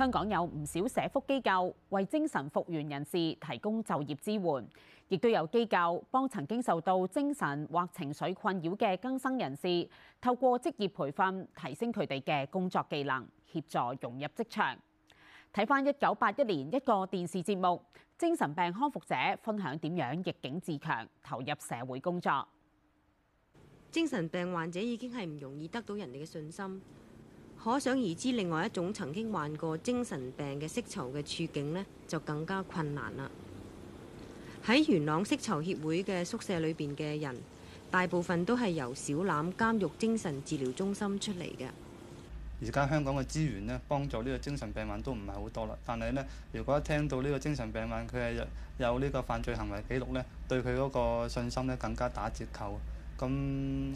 香港有唔少社福機構為精神復原人士提供就業支援，亦都有機構幫曾經受到精神或情緒困擾嘅新生更生人士，透過職業培訓提升佢哋嘅工作技能，協助融入職場。睇翻一九八一年一個電視節目，精神病康復者分享點樣逆境自強，投入社會工作。精神病患者已經係唔容易得到人哋嘅信心。可想而知，另外一種曾經患過精神病嘅釋囚嘅處境呢，就更加困難啦。喺元朗釋囚協會嘅宿舍裏邊嘅人，大部分都係由小欖監獄精神治療中心出嚟嘅。而家香港嘅資源呢，幫助呢個精神病患都唔係好多啦。但係呢，如果一聽到呢個精神病患佢係有呢個犯罪行為記錄呢，對佢嗰個信心呢，更加打折扣。咁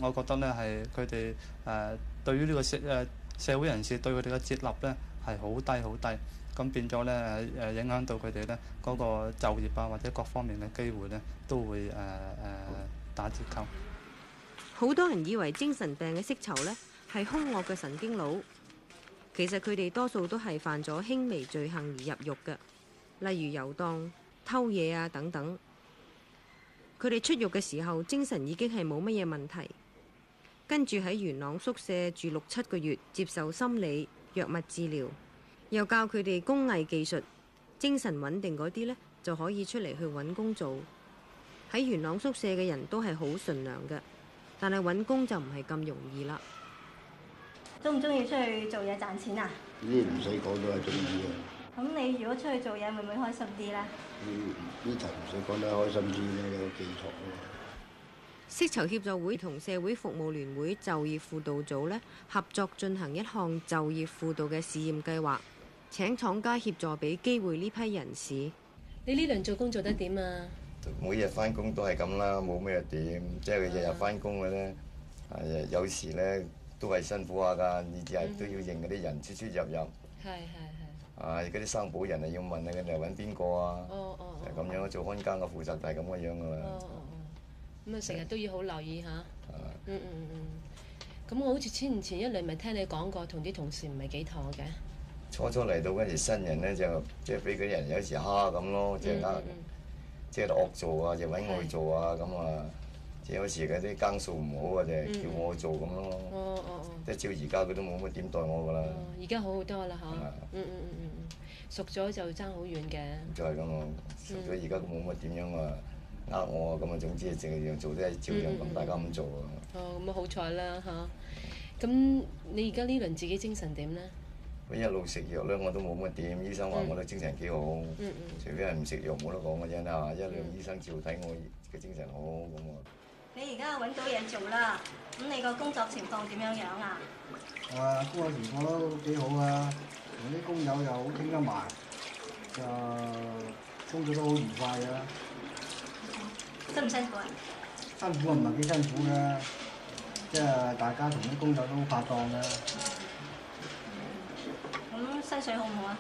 我覺得呢，係佢哋誒對於呢個釋誒。呃社會人士對佢哋嘅接納呢係好低好低，咁變咗呢誒影響到佢哋呢嗰個就業啊或者各方面嘅機會呢都會誒誒打折扣。好多人以為精神病嘅釋囚呢係兇惡嘅神經佬，其實佢哋多數都係犯咗輕微罪行而入獄嘅，例如遊蕩、偷嘢啊等等。佢哋出獄嘅時候，精神已經係冇乜嘢問題。跟住喺元朗宿舍住六七個月，接受心理藥物治療，又教佢哋工藝技術。精神穩定嗰啲呢，就可以出嚟去揾工做。喺元朗宿舍嘅人都係好純良嘅，但係揾工就唔係咁容易啦。中唔中意出去做嘢賺錢啊？呢啲唔使講都係中意嘅。咁你如果出去做嘢，會唔會開心啲呢？呢頭唔使講得開心啲咩？你有寄託啊嘛。薪酬協助會同社會服務聯會就業輔導組咧合作進行一項就業輔導嘅試驗計劃，請廠家協助俾機會呢批人士。你呢輪做工做得點啊？每日翻工都係咁啦，冇咩點，即係日日翻工嘅咧。啊，有時咧都係辛苦下噶，你只係都要認嗰啲人出出入入。係係係。啊，而家啲生保人啊要問你，你係揾邊個啊？哦哦。就係咁樣，做看更嘅負責就係咁嘅樣噶啦。哦哦。咁啊，成日都要好留意下，嗯嗯嗯嗯。咁我好似千年前一嚟，咪聽你講過，同啲同事唔係幾妥嘅。初初嚟到嗰時，新人咧就即係俾嗰啲人有時蝦咁咯，即係呃，即係惡做啊，就揾我去做啊咁啊。即係、嗯嗯嗯、有時佢啲更數唔好嘅就叫我做咁咯、嗯嗯哦。哦哦哦。即係、哦哦哦、照而家佢都冇乜點待我㗎啦。而家好好多啦，嗬。嗯嗯嗯嗯。熟咗就爭好遠嘅。就係咁咯，熟咗而家冇乜點樣㗎。呃、我啊，咁啊，總之啊，淨係做啲係照樣咁，大家咁做啊。哦，咁啊好彩啦，嚇！咁你而家呢輪自己精神點咧？我一路食藥咧，我都冇乜點。醫生話我啲精神幾好，嗯嗯、除非係唔食藥冇得講嘅啫。嚇，一路醫生照睇我嘅精神好咁啊。你而家揾到嘢做啦？咁你個工作情況點樣樣啊？啊，工作情況都幾好啊！我啲工友又好傾得埋，就工作都好愉快啊！辛唔辛苦啊？辛苦啊，唔係幾辛苦噶，嗯、即係大家同啲工作都好發放啦。咁薪、嗯嗯、水好唔好啊？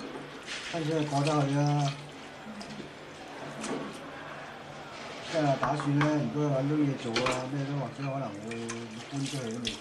薪水啊，過得去啊。嗯嗯、即係打算咧，如果揾到嘢做啊，咩都或者可能會搬出去都未。